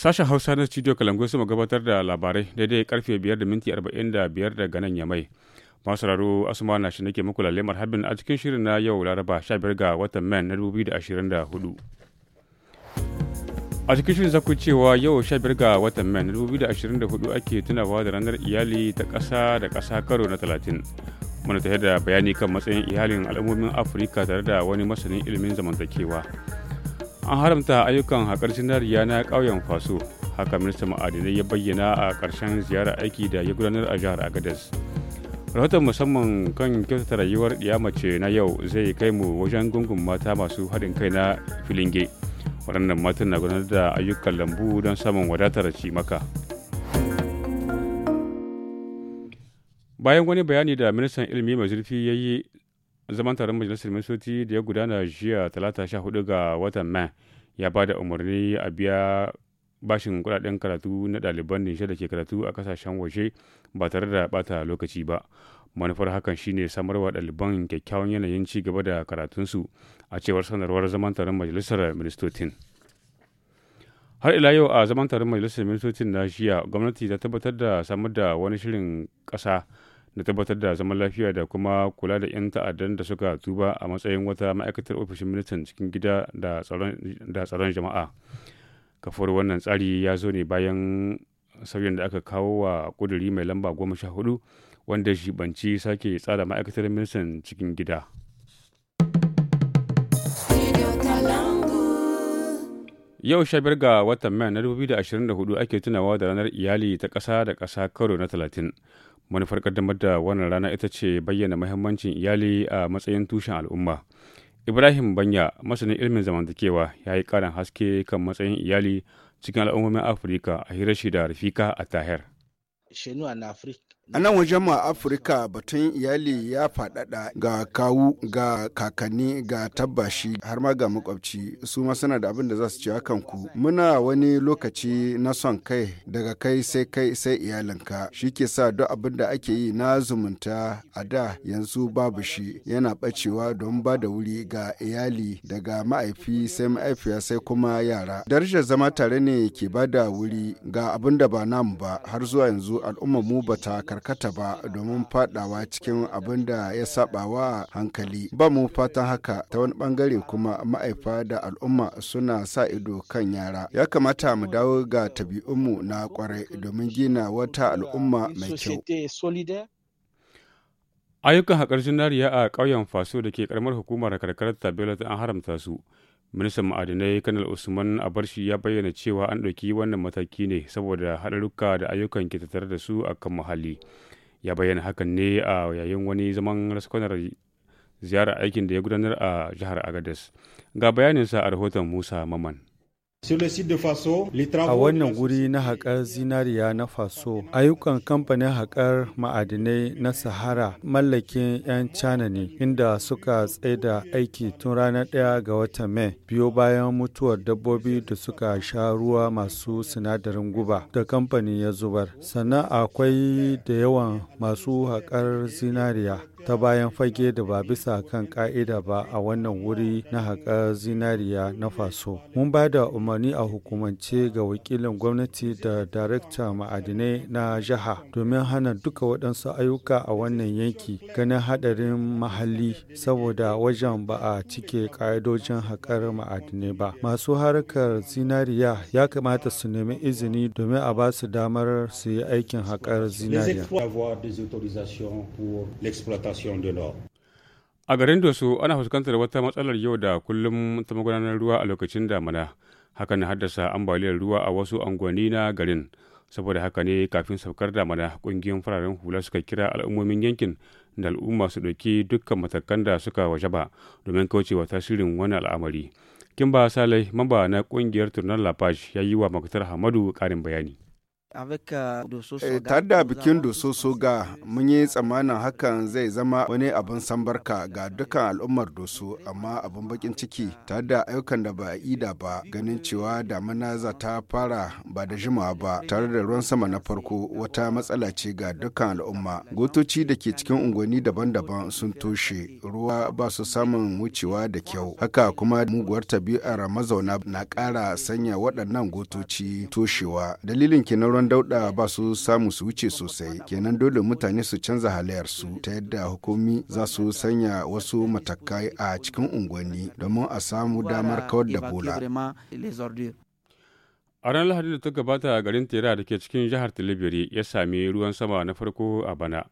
Sashen Hausa na Studio Kalangu su gabatar da labarai daidai karfe 5 da minti 45 daga nan Yamai. Masu raro Asuma na shi nake muku lalle marhabin a cikin shirin na yau Laraba 15 ga watan Man na 2024. A cikin shirin zaku cewa yau 15 ga watan Man na 2024 ake tunawa da ranar iyali ta ƙasa da ƙasa karo na 30. Muna tare da bayani kan matsayin iyalin al'ummomin Afirka tare da wani masanin ilimin zamantakewa. an haramta ayyukan haƙar zinariya na ƙauyen faso haka minista ma'adinai ya bayyana a ƙarshen ziyarar aiki da ya gudanar a jihar agadas rahoton musamman kan kyautata rayuwar ɗiya mace na yau zai kai mu wajen gungun mata masu haɗin kai na filinge waɗannan matan na gudanar da ayyukan lambu don samun wadatar cimaka bayan wani bayani da ministan ilimi mai zurfi ya yi zaman taron majalisar ministoci da ya gudana jiya talata sha hudu ga watan mai ya ba da umarni a biya bashin kudaden karatu na ɗaliban nishe da ke karatu a kasashen waje ba tare da bata lokaci ba manufar hakan shine samarwa ɗaliban kyakkyawan yanayin ci gaba da karatunsu a cewar sanarwar zaman taron majalisar ministocin har ila yau a zaman taron majalisar ministocin na jiya gwamnati ta tabbatar da samar da wani shirin ƙasa da tabbatar da zaman lafiya da kuma kula da 'yan ta'addan da suka tuba a matsayin wata ma'aikatar ofishin ministan cikin gida da tsaron jama'a kafar wannan tsari ya zo ne bayan sauyin da aka kawo wa kuduri mai lamba goma sha hudu wanda shibanci sake tsara ma'aikatar ministan cikin gida yau sha biyar ga watan mai na 2024 ake tunawa da ranar iyali ta ƙasa da kasa karo na talatin manufar kaddamar da wannan rana ita ce bayyana mahimmancin iyali a matsayin tushen al'umma ibrahim banya masanin ilmin zamantakewa ya yi karin haske kan matsayin iyali cikin al'ummomin afirka a hirar shi da rafika a tahir A nan wajen ma Afirka batun iyali ya faɗaɗa ga kawu ga kakanni ga tabbashi har ma ga makwabci su ma suna da abin da za su ci hakan ku. Muna wani lokaci na son kai daga kai sai kai sai iyalinka shi ke sa duk abin da ake yi na zumunta a da yanzu babu shi yana ɓacewa don ba da wuri ga iyali daga ma'aifi sai ma'aifiya sai kuma yara. Darajar zama tare ne ke ba da wuri ga abin da ba namu ba har zuwa yanzu al'ummar mu bata karkata ba domin fadawa cikin abin da ya saba wa hankali ba mu fatan haka ta wani bangare kuma ma'aifa da al'umma suna sa ido kan yara ya kamata mu dawo ga tabi'unmu na kwarai domin gina wata al'umma mai kyau ayyukan haƙar jinariya a ƙauyen faso da ke ƙaramar hukumar karkarar tabela an haramta su ministan ma'adinai kanal usman a abarshi ya bayyana cewa an ɗauki wannan mataki ne saboda haɗarurruka da ayyukan ke tattare da su a kan muhalli ya bayyana hakan ne a yayin wani zaman raskonar ziyarar aikin da ya gudanar a jihar agadas ga bayaninsa a rahoton musa maman A wannan guri na haƙar zinariya na Faso, ayyukan kamfanin haƙar ma'adinai na Sahara mallakin 'yan China ne, inda suka tsaida aiki tun ranar ɗaya ga watan Mai, biyo bayan mutuwar dabbobi da suka sha ruwa masu sinadarin guba da kamfanin ya zubar. Sannan akwai da yawan masu haƙar zinariya ta bayan fage da ba bisa kan ka'ida ba a wannan wuri na haƙar zinariya na faso mun ba da umarni a hukumance ga wakilin gwamnati da darakta ma'adinai na jiha domin hana duka waɗansu ayyuka a wannan yanki ganin haɗarin mahalli saboda wajen ba a cike ka'idojin haƙar ma'adinai ba masu harkar zinariya ya kamata su nemi izini domin a ba su damar su yi aikin haƙar zinariya du Nord. A garin Doso ana fuskantar wata matsalar yau da kullum ta magudanar ruwa a lokacin damana. haka na haddasa ambaliyar ruwa a wasu unguwanni na garin. Saboda haka ne kafin saukar damana kungiyoyin fararen hula suka kira al'ummomin yankin da al'umma su dauki dukkan matakan da suka ba domin kaucewa tasirin wani al'amari. Kimba Salai, mamba na kungiyar Turnar Lafash, ya yi wa Maktar Hamadu ƙarin bayani. Ta da eh, bikin dososo ga mun yi tsammanin hakan zai zama wani abin sambarka ga dukkan al'ummar doso amma abin bakin ciki ta da ayyukan da ba a ida ba ganin cewa da za ta fara ba da jimawa ba tare da ruwan sama na farko wata matsala ce ga dukkan al'umma gotoci da ke cikin unguwanni daban-daban sun toshe ruwa ba su samun wucewa da kyau haka kuma muguwar tabi'ar mazauna na ƙara sanya waɗannan gotoci toshewa dalilin kenan sauran dauɗa ba su samu su wuce sosai kenan dole mutane su canza halayyarsu ta yadda hukumi za su sanya wasu matakai a cikin unguwanni domin a samu damar kawar da bola. A ranar Lahadi da ta gabata a garin Tera da ke cikin jihar Tilibiri ya sami ruwan sama na farko a bana.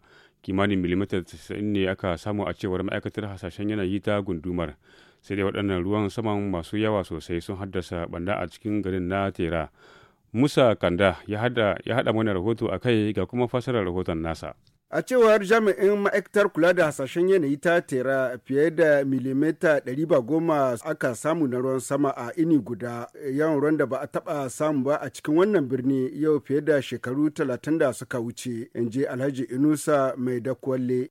Kimanin milimita 90 ne aka samu a cewar ma'aikatar hasashen yanayi ta gundumar. Sai dai waɗannan ruwan saman masu yawa sosai sun haddasa banda a cikin garin na Tera. Musa Kanda ya hada mana rahoto a kai ga kuma fasarar rahoton nasa. A cewar jami'in ma'aikatar kula da hasashen yanayi ta tera fiye da milimita 110 aka samu na ruwan sama a ini guda yawan ruwan da ba a taba samu ba a cikin wannan birni yau fiye da shekaru 30 da suka wuce in je Alhaji Inusa mai dakwalle.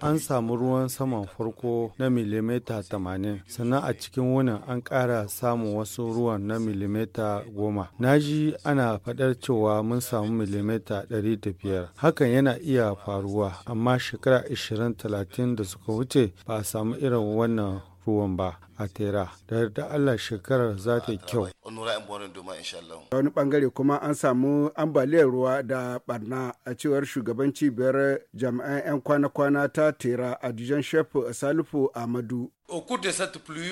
An samu ruwan saman farko na milimita 80 sannan a cikin wunan an kara samun wasu ruwan na milimita 10. Na ji ana faɗar cewa mun samu milimita 105 hakan yana iya faruwa amma shekara 20-30 da suka wuce ba a samu irin wannan ruwan ba a tera da da Allah shekarar za ta kyau. Wani bangare kuma an samu ambaliyar ruwa da barna a cewar shugaban cibiyar jami'an 'yan kwana-kwana ta tera a Dijon Shefu Salifu Amadu.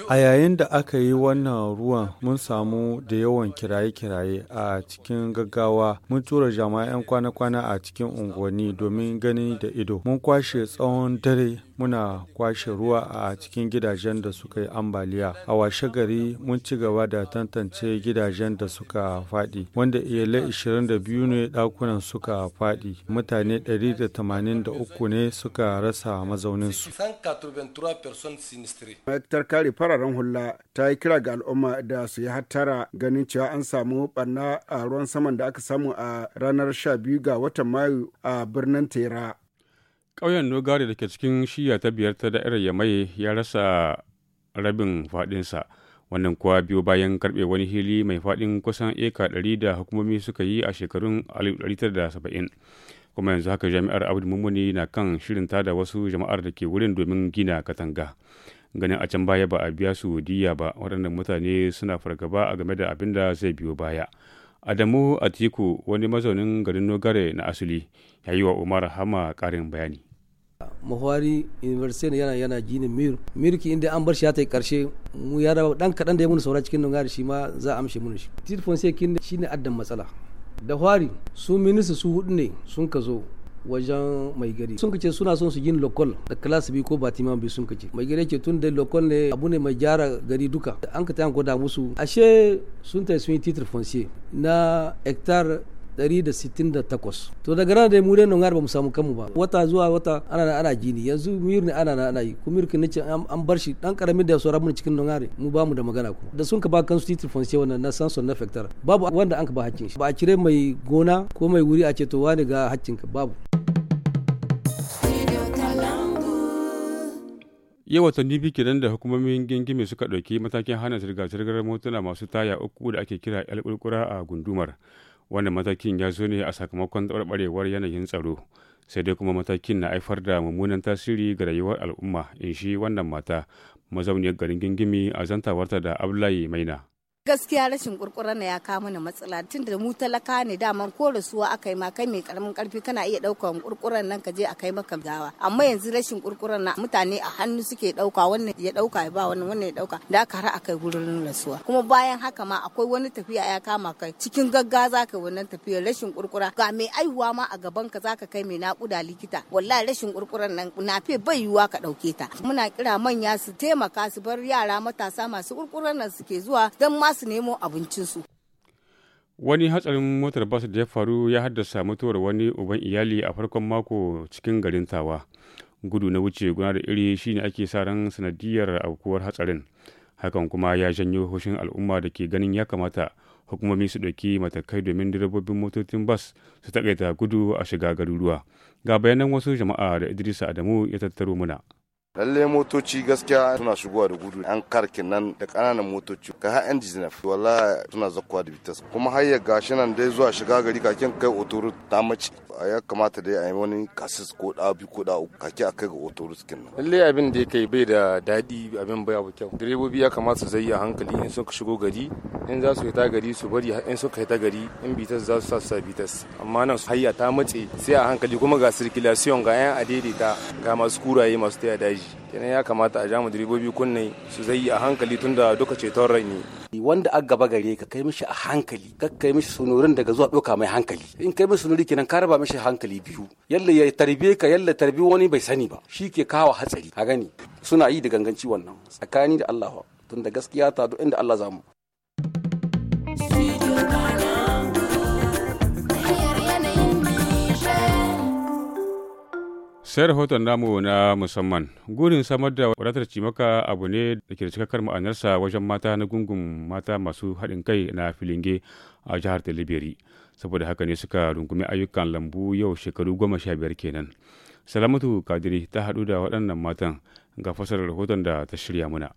A yayin da aka yi wannan ruwan mun samu da yawan kiraye-kiraye a cikin gaggawa mun tura jama'an kwana-kwana a cikin unguwanni domin gani da ido. Mun kwashe tsawon dare muna kwashe ruwa a cikin gidajen da suka yi amba ambaliya a washe gari mun ci gaba da tantance gidajen da suka faɗi wanda iyalai 22 ne ɗakunan suka faɗi mutane 183 ne suka rasa mazauninsu ma'aikatar kare fararen hula ta yi kira ga al'umma da su yi hattara ganin cewa an samu barna a ruwan saman da aka samu a ranar 12 ga watan mayu a birnin tera ƙauyen nogari da ke cikin shiya ta biyar ta da'irar yamai ya rasa rabin faɗinsa wannan kuwa biyo bayan karɓe wani hili mai faɗin kusan eka ɗari da hukumomi suka yi a shekarun 1970 kuma yanzu haka jami'ar abdu mummuni na kan shirin da wasu jama'ar da ke wurin domin gina katanga ganin a can baya ba a biya su diya ba waɗannan mutane suna fargaba a game da abin da zai biyo baya adamu atiku wani mazaunin garin nogare na asali ya yi wa umar hama ƙarin bayani muhari university yana yana jini mir mirki inda an bar shi ya ta karshe mu ya raba dan kadan da ya mun saura cikin dungari shi ma za a amshe mun shi tirfon sai kin shine addan matsala da hwari su minista su hudu ne sun ka zo wajen mai gari sun kace suna son su yin lokal da class bi ko batima bi sun kace mai gari ke tun da lokal ne abu ne mai gyara gari duka an ka ta yanko da musu ashe sun ta sun yi titre foncier na hectare 168 to daga rana dai mu dai nan ba mu samu kanmu ba wata zuwa wata ana na ana gini yanzu miyur ne ana na ana yi kuma mirkin nace an bar shi dan karamin da sauran mun cikin dongare mu ba mu da magana kuma da sun ka ba kansu titi fonse wannan na sanson na fektar babu wanda an ka ba hakkin shi ba a cire mai gona ko mai wuri a ce to wani ga hakkin ka babu yau watanni biyu kenan da hukumomin gingimi suka ɗauki matakin hana zirga-zirgar motuna masu taya uku da ake kira 'yal a gundumar wannan matakin ya zo ne a sakamakon tsarɓarewar yanayin tsaro sai dai kuma matakin na haifar da mummunan tasiri ga rayuwar al'umma in shi wannan mata mazauniyar garin gingimi a zantawarta da abdullahi maina gaskiya rashin kurkura na ya kawo mana matsala tun da mu talaka ne daman ko rasuwa aka yi ma kai mai karamin karfi kana iya daukan kurkuran nan ka je a kai maka gawa amma yanzu rashin kurkuran na mutane a hannu suke dauka wannan ya dauka ya ba wannan wannan ya dauka da aka har akai gurin rasuwa kuma bayan haka ma akwai wani tafiya ya kama kai cikin gagga za ka wannan tafiyar rashin kurkura ga mai aihuwa ma a gaban ka za ka kai mai nakuda likita wallahi rashin kurkuran nan nafe bai yiwa ka dauke ta muna kira manya su taimaka su bar yara matasa masu kurkuran nan suke zuwa don ma su nemo abincinsu. Wani hatsarin motar bas da ya faru ya haddasa mutuwar wani uban iyali a farkon mako cikin garin Tawa. Gudu na wuce guna da iri shi ne ake sa ran sanadiyar aukuwar hatsarin. Hakan kuma ya janyo hushin al'umma da ke ganin ya kamata hukumomi su ɗauki matakai domin direbobin motocin bas su taƙaita gudu a shiga garuruwa. Ga bayanan wasu jama'a da Idrisa Adamu ya tattaro muna. lalle motoci gaskiya suna shigowa da gudu an karkin nan da kananan motoci ka ha yan jizinaf wala suna zakkuwa da bitas kuma har ya gashi nan dai zuwa shiga gari kakin kai otoro ta mace ya kamata dai a yi wani kasis ko da biyu ko da uku kake a kai ga otoro kin nan lalle abin da kai bai da daɗi abin bai abu kyau direbobi ya kamata su zai a hankali in suka shigo gari in za su yi ta gari su bari in suka yi ta gari in bitas za su sa su bitas amma nan hayya ta mace sai a hankali kuma ga circulation ga yan adaidaita ga masu kuraye masu taya daji kenan ya kamata a jamu mu direbobi kunne su zai a hankali tunda duka ceton rai ne wanda a gaba gare ka kai mishi a hankali ka kai mishi sunurin daga zuwa doka mai hankali in kai mishi sunuri kenan ka raba mishi hankali biyu yalla ya tarbe ka yalla tarbi wani bai sani ba shi ke kawo hatsari ka gani suna yi da ganganci wannan tsakani da Allah tunda gaskiya ta duk inda Allah zamu sai rahoton namu na musamman gurin samar da wadatar cimaka abu ne da ke ma'anarsa wajen mata na gungun mata masu haɗin kai na filinge a jihar talibiri saboda haka ne suka rungumi ayyukan lambu yau shekaru goma sha biyar kenan salamatu kadiri ta haɗu da waɗannan matan ga fasar rahoton da ta shirya muna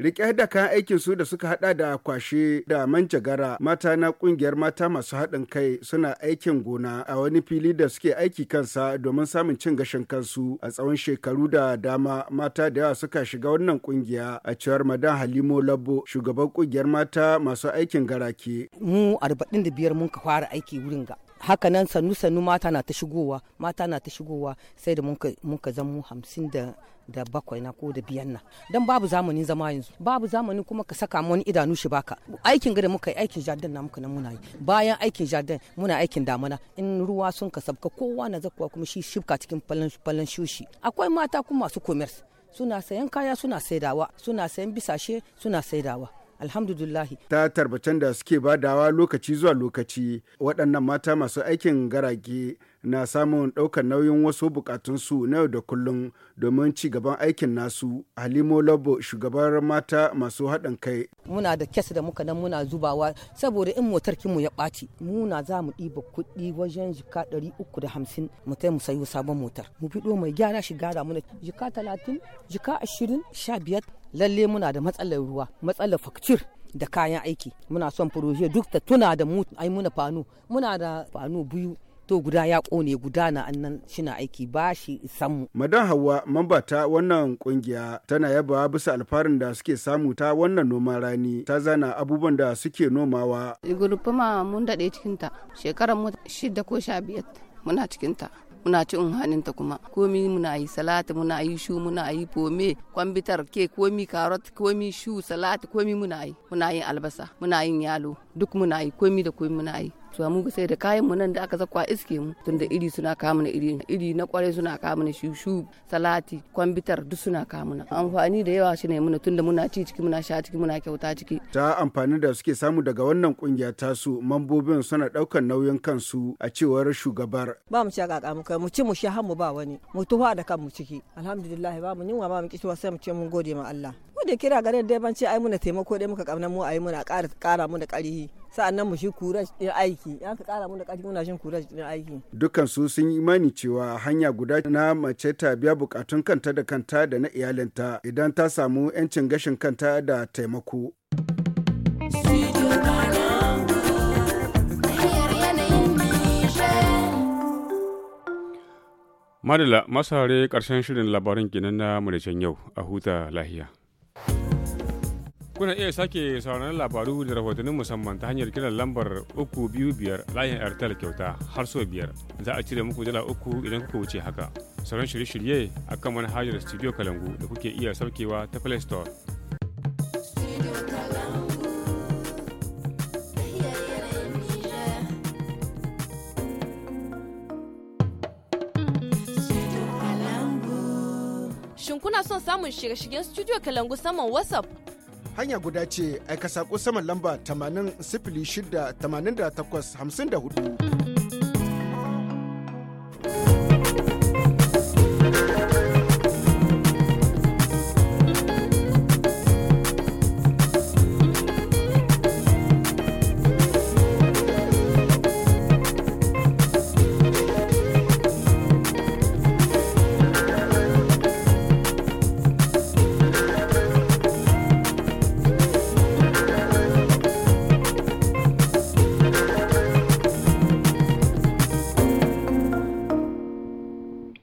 Rike da kayan aikin su da suka hada da kwashe da manjagara mata na kungiyar mata masu haɗin kai suna aikin gona a wani fili da suke aiki kansa domin samun cin gashin kansu a tsawon shekaru da dama mata da yawa suka shiga wannan kungiya a cewar madan Halimo labo shugaban kungiyar mata masu aikin garake. Mu arba'in da biyar mun ka fara aiki wurin ga haka nan sannu sannu mata na ta shigowa mata na ta shigowa sai da muka zamu hamsin da da bakwai na ko da biyan nan don babu zamanin zama yanzu babu zamanin kuma ka saka wani idanu shi baka aikin gada muka yi aikin jardin na muka nan muna yi bayan aikin jardin muna aikin damana in ruwa sun ka sabka kowa na zakuwa kuma shi shibka cikin fallon shushi akwai mata kuma masu commerce suna sayan kaya suna saidawa suna sayan bisashe suna saidawa alhamdulillahi ta tarbacen da suke badawa lokaci zuwa lokaci waɗannan mata masu aikin garage na samun ɗaukar nauyin wasu bukatunsu na yau da kullum domin ci gaban aikin nasu halimo lobo shugabar mata masu haɗin kai muna da kes da muka nan muna zubawa saboda in motar kinmu ya ɓaci muna za mu ɗiba kuɗi wajen jika ɗari uku da hamsin mu mu sayo sabon motar mu fiɗo mai gyara shi gara muna jika talatin jika ashirin sha biyar lalle muna da matsalar ruwa matsalar fakcir da kayan aiki muna son furoje duk ta tuna da mu ai muna fanu muna da fanu biyu to guda ya kone guda na annan shina aiki ba shi samu. Madan hawa mamba ta wannan kungiya tana yaba bisa alfarin da suke samu ta wannan noma rani ta zana abubuwan da suke nomawa. Gurfuma mun daɗe cikinta shekarar mu shida ko sha biyar muna cikinta. muna ci haninta kuma komi muna yi salati muna yi shu muna yi fome kwambitar ke komi karot komi shu salati komi muna yi muna yin albasa muna yin yalo duk muna yi komi da komi muna yi su mu sai da kayan mu nan da aka zakwa iske mu tun da iri suna kamu na iri iri na kware suna kamu shushu salati kwambitar duk suna kamu na amfani da yawa shine muna tunda muna ci ciki muna sha ciki muna kyauta ciki ta amfani da suke samu daga wannan kungiya su mambobin suna daukan nauyin kansu a cewar shugabar ba mu shaka ka mu kai mu ci mu sha har mu ba wani mu tuwa da kanmu ciki alhamdulillah ba mu yunwa ba mu kisuwa sai mu ce mun gode ma Allah mu da kira ganin dai ban ce ai muna taimako dai muka kamna mu ai muna ƙara ƙara mu da ƙarfi sa'annan mu shi kuraj din aiki an ka ƙara mu da ƙarfi muna shin kuraj din aiki dukkan su sun yi imani cewa hanya guda na mace ta biya bukatun kanta da kanta da na iyalinta idan ta samu 'yancin gashin kanta da taimako Madala, masu hare ƙarshen shirin labarin kinan na Mauritian yau a huta lahiya. Kuna iya sake sauran labaru da rahotannin musamman ta hanyar kiran lambar 325 layin Airtel kyauta har so biyar. Za a cire muku dala uku idan kuka wuce haka. Sauran shirye-shirye a kan manhajar Studio Kalangu da kuke iya saukewa ta Play Store. Shin kuna son samun shirye-shiryen Studio Kalangu saman WhatsApp? hanya guda ce aika saƙo saman lamba 80 68 54.